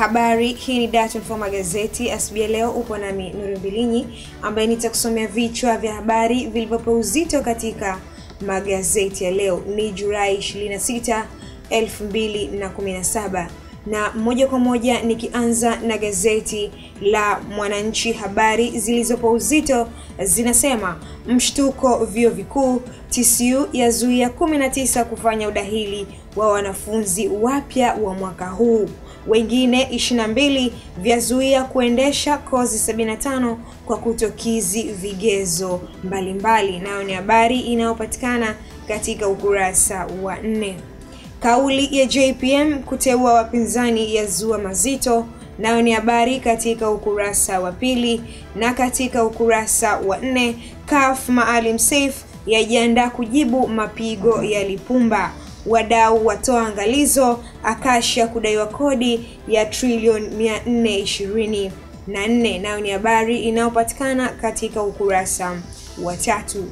habari. Hii ni Dar24 Magazeti. Asubuhi leo upo nami Nuru Mbilinyi ambaye nitakusomea vichwa vya habari vilivyopewa uzito katika magazeti ya leo. Ni Julai 26, 2017 na moja kwa moja nikianza na gazeti la Mwananchi, habari zilizopo uzito zinasema mshtuko vyuo vikuu, TCU yazuia 19 kufanya udahili wa wanafunzi wapya wa mwaka huu wengine 22 vyazuia kuendesha kozi 75 kwa kutokizi vigezo mbalimbali. Nayo ni habari inayopatikana katika ukurasa wa nne. Kauli ya JPM kuteua wapinzani ya zua mazito nayo ni habari katika ukurasa wa pili na katika ukurasa wa nne. CAF Maalim Seif yajiandaa kujibu mapigo ya Lipumba. Wadau watoa angalizo Akasha kudaiwa kodi ya trilioni 424. Nayo ni habari inayopatikana katika ukurasa wa tatu.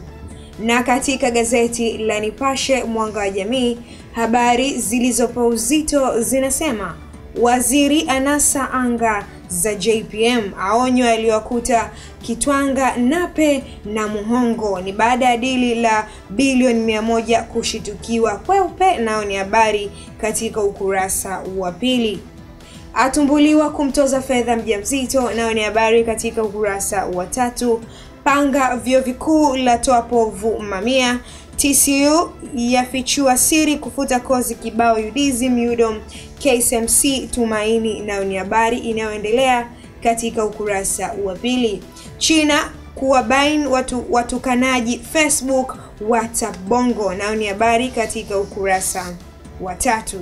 Na katika gazeti la Nipashe Mwanga wa Jamii, habari zilizopewa uzito zinasema waziri anasa anga za JPM aonywa yaliyokuta Kitwanga, Nape na Muhongo ni baada ya dili la bilioni mia moja kushitukiwa kweupe, nayo ni habari katika ukurasa wa pili. Atumbuliwa kumtoza fedha mjamzito, nayo ni habari katika ukurasa wa tatu. Panga vyuo vikuu la toa povu mamia, TCU yafichua siri kufuta kozi kibao UDSM UDOM KSMC Tumaini. Nayo ni habari inayoendelea katika ukurasa wa pili. China kuwabaini watu watukanaji Facebook watabongo. Nayo ni habari katika ukurasa wa tatu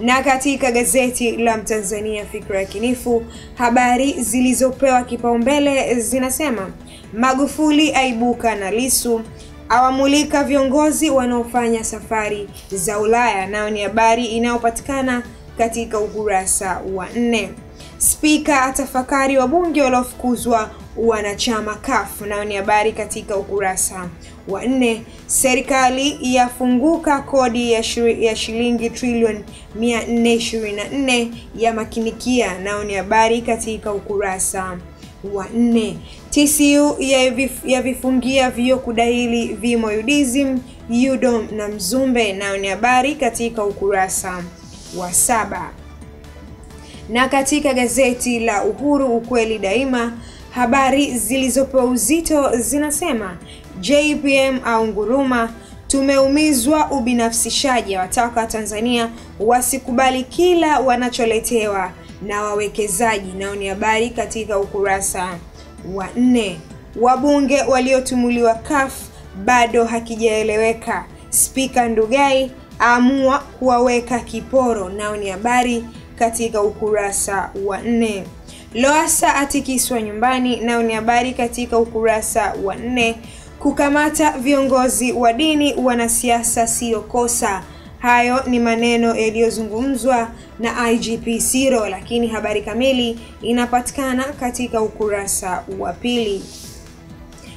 na katika gazeti la Mtanzania Fikra ya Kinifu, habari zilizopewa kipaumbele zinasema Magufuli aibuka na Lisu, awamulika viongozi wanaofanya safari za Ulaya, nayo ni habari inayopatikana katika ukurasa wa nne. Spika atafakari wabunge waliofukuzwa wanachama CUF, nayo ni habari katika ukurasa wa nne. Serikali yafunguka kodi ya, shiri, ya shilingi trilioni 424 ya makinikia, nayo ni habari katika ukurasa nne. TCU yavifungia ya vio kudahili vimo UDSM, UDOM na Mzumbe, nayo ni habari katika ukurasa wa saba. Na katika gazeti la Uhuru ukweli daima, habari zilizopewa uzito zinasema JPM au nguruma tumeumizwa ubinafsishaji, awataka Tanzania wasikubali kila wanacholetewa na wawekezaji. Nao ni habari katika ukurasa wa nne. Wabunge waliotumuliwa CUF bado hakijaeleweka. Spika Ndugai aamua kuwaweka kiporo, nao ni habari katika ukurasa wa nne. Loasa atikiswa nyumbani, nao ni habari katika ukurasa wa nne. Kukamata viongozi wa dini, wanasiasa siyo kosa Hayo ni maneno yaliyozungumzwa na IGP Siro, lakini habari kamili inapatikana katika ukurasa wa pili.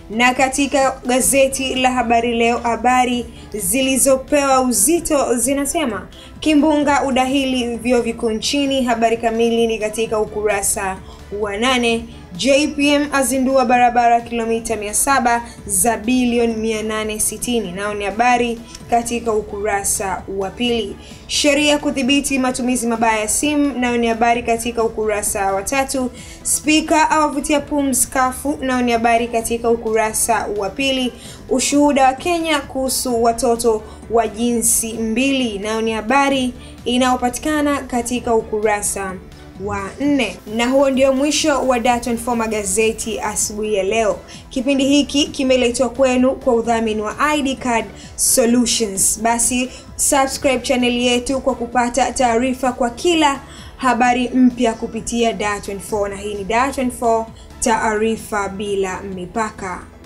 Na katika gazeti la Habari Leo, habari zilizopewa uzito zinasema kimbunga udahili vyuo vikuu nchini. Habari kamili ni katika ukurasa wa nane JPM azindua barabara kilomita 700 za bilioni 860. Nao ni habari katika ukurasa wa pili. Sheria kudhibiti matumizi mabaya ya simu, nayo ni habari katika ukurasa wa tatu. Spika awavutia pumzi kafu, nayo ni habari katika ukurasa wa pili. Ushuhuda wa Kenya kuhusu watoto wa jinsi mbili, nayo ni habari inayopatikana katika ukurasa wa nne. Na huo ndio mwisho wa Dar24 magazeti asubuhi ya leo. Kipindi hiki kimeletwa kwenu kwa udhamini wa ID Card Solutions. Basi subscribe chaneli yetu kwa kupata taarifa kwa kila habari mpya kupitia Dar24, na hii ni Dar24 taarifa bila mipaka.